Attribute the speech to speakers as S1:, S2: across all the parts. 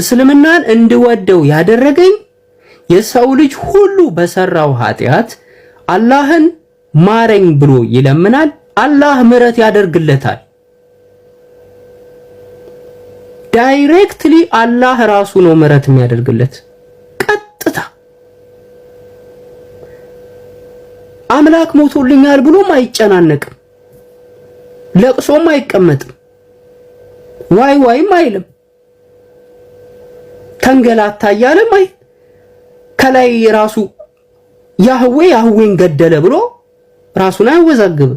S1: እስልምናን እንድወደው ያደረገኝ የሰው ልጅ ሁሉ በሰራው ኃጢአት አላህን ማረኝ ብሎ ይለምናል። አላህ ምሕረት ያደርግለታል። ዳይሬክትሊ አላህ ራሱ ነው ምሕረት የሚያደርግለት። ቀጥታ አምላክ ሞቶልኛል ብሎም አይጨናነቅም፣ ለቅሶም አይቀመጥም፣ ዋይ ዋይም አይልም። ተንገላታ እያለም አይ ከላይ ራሱ ያህዌ ያህዌን ገደለ ብሎ ራሱን አያወዛግብም።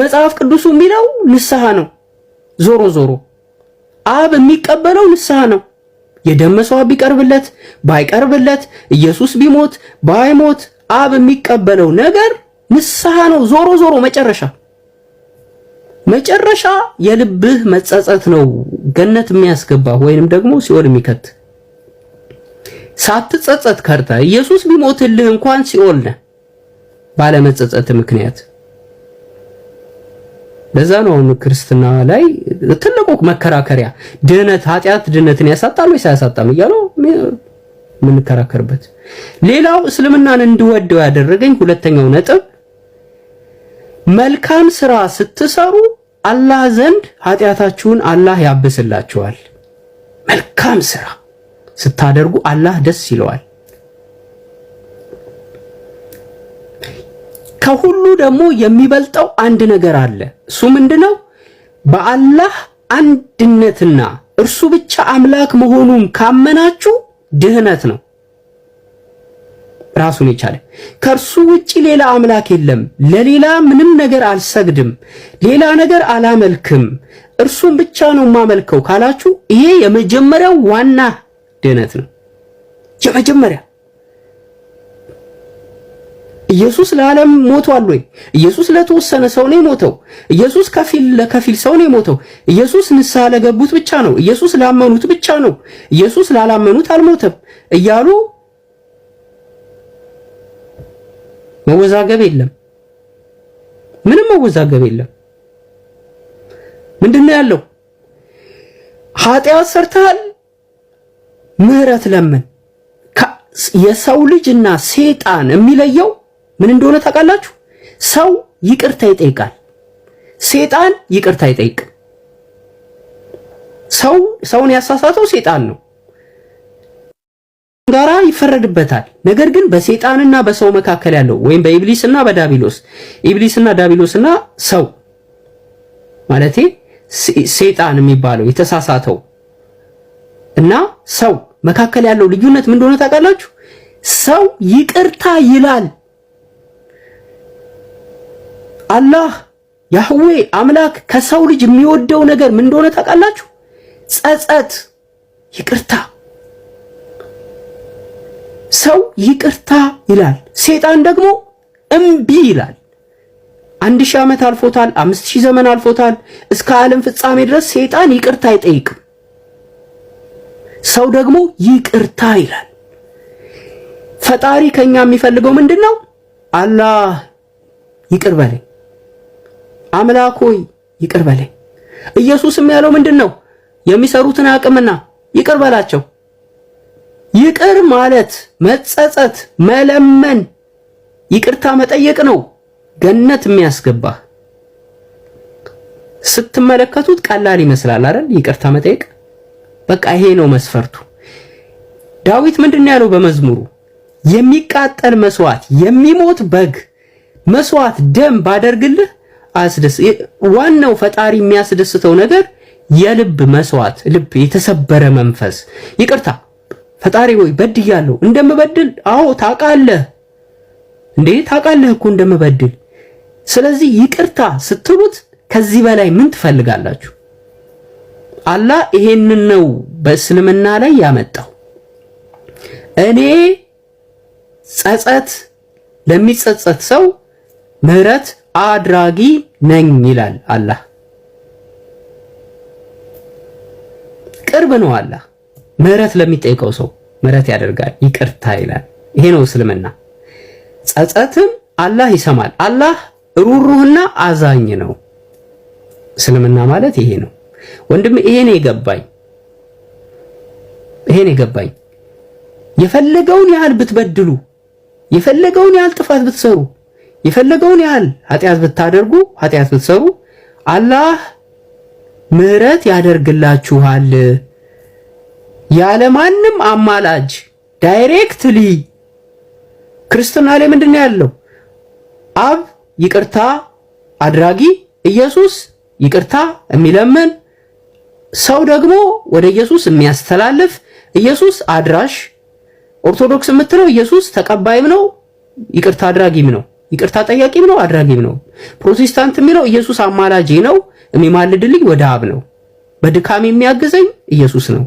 S1: መጽሐፍ ቅዱሱ የሚለው ንስሐ ነው። ዞሮ ዞሮ አብ የሚቀበለው ንስሐ ነው። የደመሰዋ ቢቀርብለት ባይቀርብለት፣ ኢየሱስ ቢሞት ባይሞት፣ አብ የሚቀበለው ነገር ንስሐ ነው። ዞሮ ዞሮ መጨረሻ መጨረሻ የልብህ መጸጸት ነው ገነት የሚያስገባ ወይንም ደግሞ ሲኦል የሚከት። ሳትጸጸት ከርተ ኢየሱስ ቢሞትልህ እንኳን ሲኦል ነህ ባለመጸጸት ምክንያት። ለዛ ነው አሁን ክርስትና ላይ ትልቁ መከራከሪያ ድህነት፣ ኃጢአት ድህነትን ያሳጣል ወይስ አያሳጣም እያለው የምንከራከርበት። ሌላው እስልምናን እንድወደው ያደረገኝ ሁለተኛው ነጥብ መልካም ስራ ስትሰሩ አላህ ዘንድ ኃጢአታችሁን አላህ ያብስላችኋል። መልካም ስራ ስታደርጉ አላህ ደስ ይለዋል። ከሁሉ ደግሞ የሚበልጠው አንድ ነገር አለ። እሱ ምንድነው? በአላህ አንድነትና እርሱ ብቻ አምላክ መሆኑን ካመናችሁ ድህነት ነው። ራሱን የቻለ ከእርሱ ውጭ ሌላ አምላክ የለም፣ ለሌላ ምንም ነገር አልሰግድም፣ ሌላ ነገር አላመልክም፣ እርሱን ብቻ ነው የማመልከው ካላችሁ ይሄ የመጀመሪያው ዋና ድነት ነው። የመጀመሪያ ኢየሱስ ለዓለም ሞቷል ወይ? ኢየሱስ ለተወሰነ ሰው ነው የሞተው። ኢየሱስ ከፊል ለከፊል ሰው ነው የሞተው። ኢየሱስ ንስሐ ለገቡት ብቻ ነው። ኢየሱስ ላመኑት ብቻ ነው። ኢየሱስ ላላመኑት አልሞተም እያሉ መወዛገብ የለም። ምንም መወዛገብ የለም። ምንድነው ያለው? ኃጢአት ሰርተሃል፣ ምህረት ለምን። የሰው ልጅና ሴጣን የሚለየው ምን እንደሆነ ታውቃላችሁ? ሰው ይቅርታ ይጠይቃል፣ ሴጣን ይቅርታ ይጠይቅ? ሰው ሰውን ያሳሳተው ሴጣን ነው። ጋራ ይፈረድበታል። ነገር ግን በሰይጣንና በሰው መካከል ያለው ወይም በኢብሊስና በዳቢሎስ ኢብሊስና ዳቢሎስና ሰው ማለቴ ሰይጣን የሚባለው የተሳሳተው እና ሰው መካከል ያለው ልዩነት ምን እንደሆነ ታውቃላችሁ? ሰው ይቅርታ ይላል። አላህ ያህዌ አምላክ ከሰው ልጅ የሚወደው ነገር ምን እንደሆነ ታውቃላችሁ? ጸጸት፣ ይቅርታ ሰው ይቅርታ ይላል፣ ሴጣን ደግሞ እምቢ ይላል። አንድ ሺህ ዓመት አልፎታል፣ አምስት ሺህ ዘመን አልፎታል። እስከ ዓለም ፍጻሜ ድረስ ሴጣን ይቅርታ አይጠይቅም። ሰው ደግሞ ይቅርታ ይላል። ፈጣሪ ከኛ የሚፈልገው ምንድን ነው? አላህ ይቅር በለኝ፣ አምላክ ሆይ ይቅር በለኝ። ኢየሱስም ያለው ምንድን ነው? የሚሰሩትን አቅምና ይቅር በላቸው ይቅር ማለት መጸጸት፣ መለመን፣ ይቅርታ መጠየቅ ነው ገነት የሚያስገባ ስትመለከቱት ቀላል ይመስላል አይደል? ይቅርታ መጠየቅ በቃ ይሄ ነው መስፈርቱ። ዳዊት ምንድነው ያለው በመዝሙሩ? የሚቃጠል መስዋዕት፣ የሚሞት በግ መስዋዕት፣ ደም ባደርግልህ አስደስ። ዋናው ፈጣሪ የሚያስደስተው ነገር የልብ መስዋዕት፣ ልብ የተሰበረ መንፈስ፣ ይቅርታ ፈጣሪ ወይ በድያለሁ፣ እንደምበድል አዎ ታውቃለህ እንዴ ታውቃለህ እኮ እንደምበድል። ስለዚህ ይቅርታ ስትሉት ከዚህ በላይ ምን ትፈልጋላችሁ? አላህ ይሄንን ነው በእስልምና ላይ ያመጣው። እኔ ጸጸት ለሚጸጸት ሰው ምህረት አድራጊ ነኝ ይላል አላህ። ቅርብ ነው አላህ ምህረት ለሚጠይቀው ሰው ምህረት ያደርጋል፣ ይቅርታ ይላል። ይሄ ነው እስልምና። ጸጸትም አላህ ይሰማል። አላህ ሩሩህና አዛኝ ነው። እስልምና ማለት ይሄ ነው ወንድም። ይሄን የገባኝ ይሄን የገባኝ የፈለገውን ያህል ብትበድሉ፣ የፈለገውን ያህል ጥፋት ብትሰሩ፣ የፈለገውን ያህል ኃጢአት ብታደርጉ፣ ኃጢአት ብትሰሩ አላህ ምህረት ያደርግላችኋል። ያለማንም አማላጅ ዳይሬክትሊ ክርስትና ላይ ምንድን ነው ያለው? አብ ይቅርታ አድራጊ፣ ኢየሱስ ይቅርታ የሚለምን ሰው ደግሞ ወደ ኢየሱስ የሚያስተላልፍ ኢየሱስ አድራሽ። ኦርቶዶክስ የምትለው ኢየሱስ ተቀባይም ነው ይቅርታ አድራጊም ነው ይቅርታ ጠያቂም ነው አድራጊም ነው። ፕሮቴስታንት የሚለው ኢየሱስ አማላጅ ነው የሚማልድልኝ ወደ አብ ነው፣ በድካም የሚያግዘኝ ኢየሱስ ነው።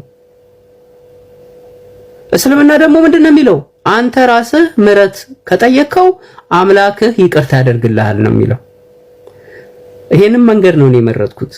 S1: እስልምና ደግሞ ምንድን ነው የሚለው? አንተ ራስህ ምረት ከጠየቅከው አምላክህ ይቅርታ ያደርግልሃል ነው የሚለው። ይሄንም መንገድ ነው እኔ የመረጥኩት።